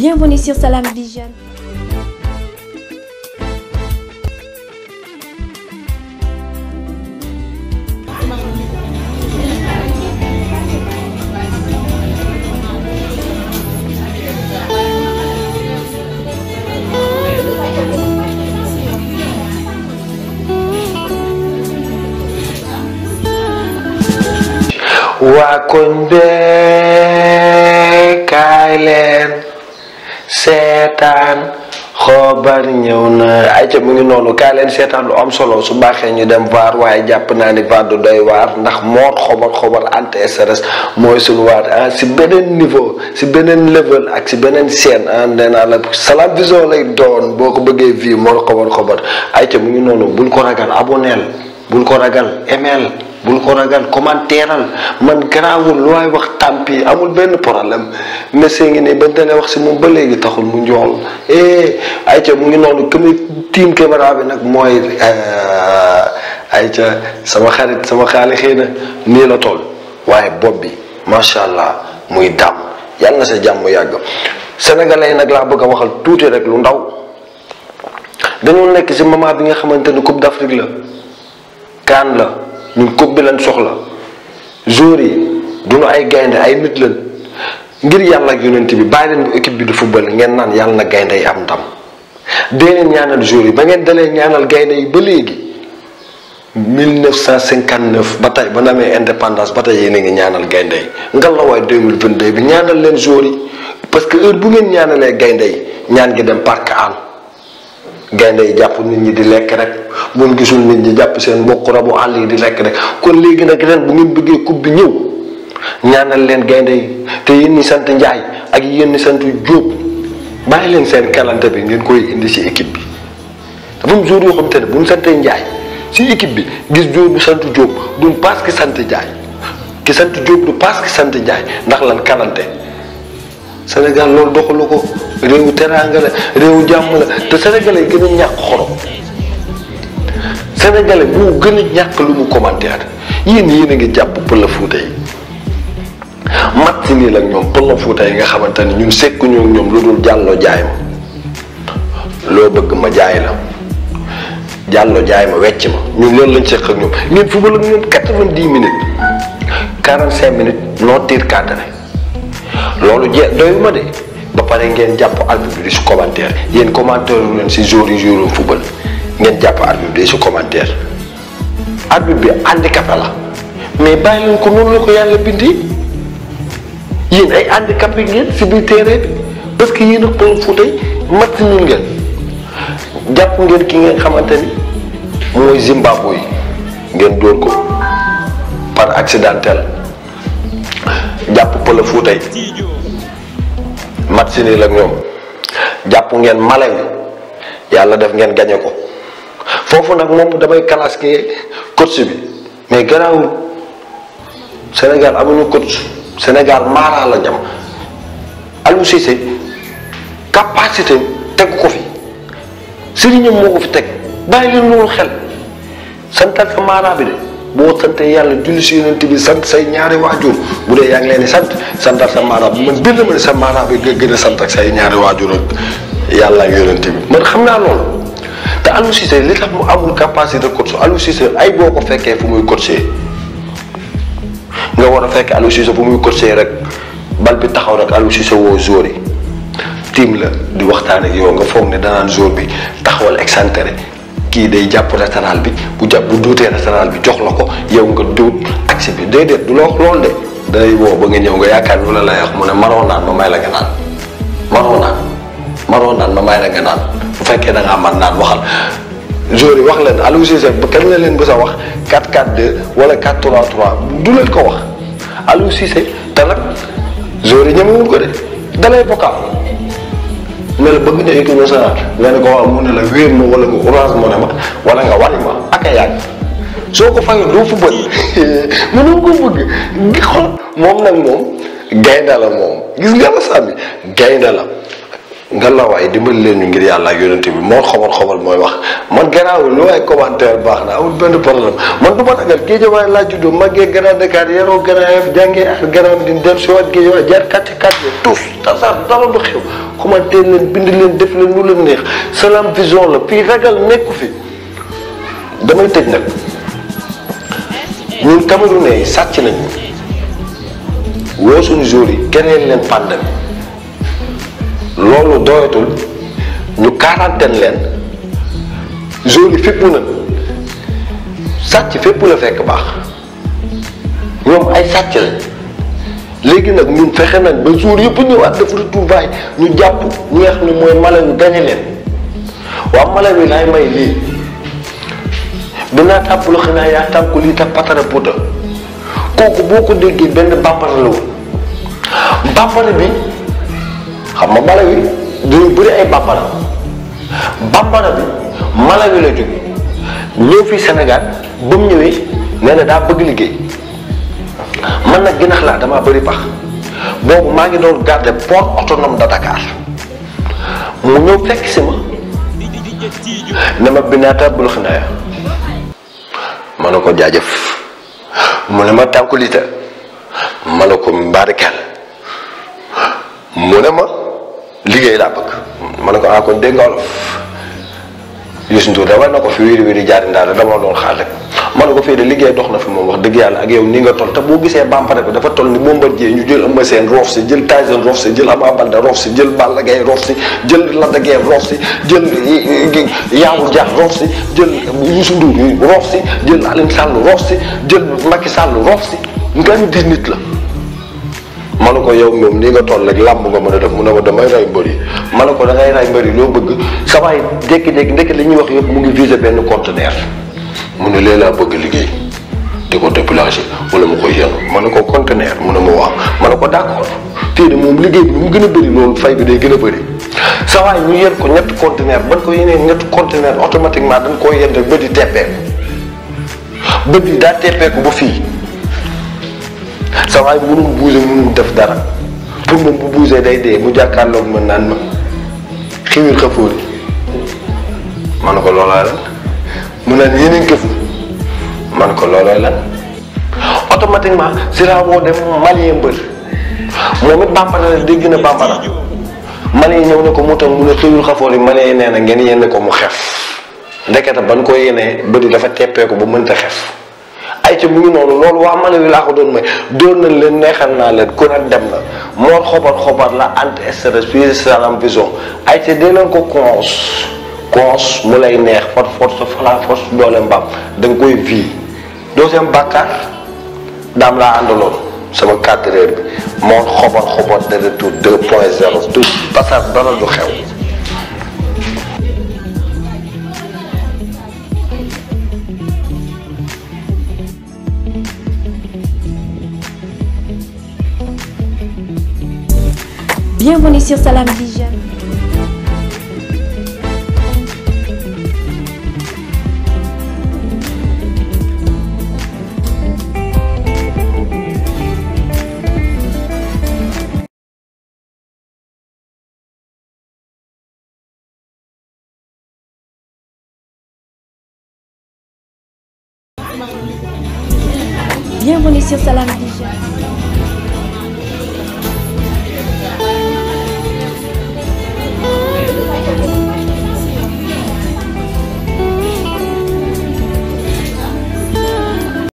Bienvenue sur Salam Vision. waa koñ bee kaay leen seetaan xoobar ñëw na ayca mu ngi noonu kaa leen seetaan lu am solo su baaxee ñu dem waar waaye jàpp naa ni vaar du doy waar ndax moot xobar xobar ant srs mooy suñu waar ah si beneen niveau si beneen level ak si beneen scène ah nee naa la Salam Vision lay doon boo ko bëggee vie moot xobar xobar ayca mu ngi noonu bul ko ragal aboneel bul ko ragal emeel bul ko ragal commentéeral man garaawul lu waay wax tàmpi amul benn problème Messi ngi ne ba dalee wax si moom ba léegi taxul mu njool eh ayca mu ngi noonu que muy tiim caméra bi nag mooy eh, ayca sama xarit sama xaali xëy na nii la toll waaye bopp bi macha allah muy dàmm yàlla na sa jàmm yàgg sénégalais nag laa bëgg a waxal tuuti rek lu ndaw dañoo nekk si moment bi nga xamante ni Coupe d'Afrique la CAN la. ñun coupe bi lañ soxla joueurs yi duñu ay gaynde ay nit lañ ngir yàlla ak yonent bi bàyyi leen bu équipe bi du football ngeen naan yàlla na gaynde yi am ndam dee neen ñaanal joueurs yi ba ngeen dalee ñaanal gaynde yi ba léegi 1959 ba tey ba na amee indépendance ba tey yéen a ngi ñaanal gaynde yi ngal la waay 2022 bi ñaanal leen joueurs yi parce que heure bu ngeen ñaanalee gaynde yi ñaan gi dem parc an gaynde yi jàppu nit ñi di lekk rek buñ gisul nit ñi jàpp seen mbokk rabu àll yi di lekk rek kon léegi nag ren bu ngeen bëggee coupe bi ñëw ñaanal leen gaynde yi te yéen ñi sant Njaay ak yéen ñi sant Jóob bàyyi leen seen kalante bi ngeen koy indi si équipe bi dafa am jour yoo xam te ne bu ñu santee Njaay si équipe bi gis Jóob bu sant Jóob duñ parce que sant Njaay ki sant Jóob du parce que sant Njaay ndax lan kalante senegal loolu doxalu ko réewu teraanga la jàmm la te sénégalais gën a ñàkk xorom sénégalais moo gën a ñàkk lu mu commentaire yéen yéen a ngi jàpp pël la fuute yi mat si nii la ñoom pël la fuute yi nga xamante ni ñun sekk ñoo ñoom lu dul jàlloo jaay ma loo bëgg ma jaay la jàlloo jaay ma wecc ma ñun loolu lañ sekk ak ñoom ngeen football ak ñoom quatre-vingt-dix minutes cinq minutes non tir loolu je doyu ma de ba pare ngeen jàpp arbitre bi si commentaire yéen commentaire yu leen si jour yi jour football ngeen jàpp arbitre bi si commentaire arbitre bi handicapé la mais bàyyi ko noonu la ko yàlla bindi ngeen si biir terrain bi parce que yéen a ko footey mat ñun ngeen jàpp ngeen ki ngeen xamante ni mooy Zimbabwe yi ngeen dóor ko par accidentel jàpp pël fuutay mat si ñoom jàpp ngeen maleng yàlla def ngeen gañe ko foofu nag moom damay kalasque coach bi mais garaawul Sénégal amuñu coach Sénégal maaraa la ñam Aliou Cissé capacité teg ko fi sëriñam moo ko fi teg bàyyi leen loolu xel santal ka maaraa de boo sante yàlla julli si yonent bi sant say ñaari waajur bu dee yaa ngi leen sant santal sa maanaam man biir na ma ne sa maanaam bi nga gën a sant ak say ñaari waajur ak yàlla ak yonent bi man xam naa loolu li tax amul capacité de coach Aliou ay boo ko fekkee fu muy coacher nga war a fekke Aliou Cissé fu muy coacher rek bal bi taxaw rek Aliou Cissé woo joueur yi tiim la di waxtaan ak yow nga foog ne danaan joueur bi taxawal excentré kii day jàpp rétérale bi bu jàpp bu duutee rétérale bi jox la ko yow nga duut accès bi du la wax loolu de day woo ba nga ñëw nga yaakaar lu la lay wax mu ne maroo ma may la nga naan maroo naan maroo naan bu fekkee da ngaa man naan waxal yi wax leen Aliou Cissé leen bës a wax 4 wala 4 3 ko wax Aliou Cissé te nag yi ñemewul ko de dalay vocal ne la bëgg na équipe nationale nga ne ko waaw mu ne la wéer ma wala nga orange mo ne ma wala nga wari ma ak a yàgg soo ko fayoo doo football mënoo ko bëgg gi xool moom nag moom gaynde la moom gis nga la sàmmi gaynde la ngallaawaay dimbali leen ñu ngir yàlla ak yonent bi moo xobal mooy wax man garaaw lu waaye commentaire baax na amul benn problème man du ma ragal géejawaay laa juddoo màggee Grand Dakar yaroo Grand Yoff jàngee ak Grand Médine dem si waat géejawaay jaar kàcce kàcce tous tasaar dara du xew commenté leen bind leen def leen lu leen neex Salam Vision la fii ragal nekku fi damay tëj nag ñun Camerounais yi sàcc nañu woo suñu jour yi keneen leen pandémie loolu doyatul ñu quarantaine leen zone yi fépp na sàcc fépp la fekk baax ñoom ay sàcc lañ léegi nag ñun fexe nañ ba jour yëpp ñëwaat def retrouvaille ñu jàpp ñi nga xam ne mooy Malawi gañe leen waaw Malawi laay may lii dinaa tàpp lu xam naa yaa tàpp ko lii tam patara puuta kooku boo ko déggee benn bàmbara bàmbara bi xam nga mala wi dañu bëri ay bambara bambara bi mala wi la jógee ñëw fii Sénégal ba mu ñëwee nee daa bëgg liggéey man nag ginax laa damaa bëri pax boobu maa ngi doon garder port autonome de Dakar mu ñëw fekk si ma ne ma binaata bul xinaaya ma ne ko jaajëf mu ne ma tànkulita ma ne ko mbaarikeel mu ne ma liggéey laa bëgg ma na ko ah kon dégg nga wolof Youssou Ndour da war na ko fi wiri wiri jaari ndaar dama doon xaar rek ma ne ko fii liggéey dox na fi moom wax dëgg yàlla ak yow ni nga toll te boo gisee bambara bi dafa toll ni Bombardier ñu jël Eumeu Sène roof si jël Tyson roof si jël Ama Baldé roof si jël Balla Gaye roof si jël Lac de Guiers roof si jël eh, eh, Yawur Dia roof si jël roof si jël Alioune Sall roof si jël Macky Sall roof si nga ñu gis nit la. ma ne ko yow moom nii nga toll rek làmb nga mën a def mu ne ma damay ray mbër yi ma ko da ngay ray mbër loo bëgg sa waay jékki-jékki ndekki li ñuy wax yëpp mu ngi visé benn conteneur mu ne léeg-léeg bëgg liggéey di ko déplacer wala mu koy yenu ma ne ko conteneur mu ne ma ma ne ko d'accord fii de moom liggéey bi mu gën a bëri loolu fay bi day gën a bëri sa ñu yen ko ñetti conteneur ban ko yenee ñetti conteneur automatiquement dañ koo yen rek ba di teppeeku bët yi daa teppeeku ba fii sa waay mënul bouger mënul def dara pour moom bu bouger day dee mu jàkkaarloog ma naan ma xiwir xëppoon ma ne ko loolooy lan mu naan yeneen këf ma ne ko loolooy lan ma si laa woo dem malien mbër moom it bambara la dégg na bambara malien ñëw ne ko mu tam mu ne xiwir xafoor yi malien yi nee na ngeen yenn ko mu xef ndekete ban ko yéenee bëri dafa teppeeku ba mënta xef ayca mu ngi noonu loolu waa Malawi laa ko doon may dóor nañ leen neexal naa leen ku ne dem na moor xobar xobar la anti stress fii Salam Vision ayca dee leen ko cons cons mu lay neex par force fala force doole mbaam da nga koy vi deuxième bàkkaar daam laa àndaloon sama cadreur bi moor xobar xobar de retour 2 point tout basar dara du xew Bienvenue sur Salam Vision. Bienvenue sur Salam Vision.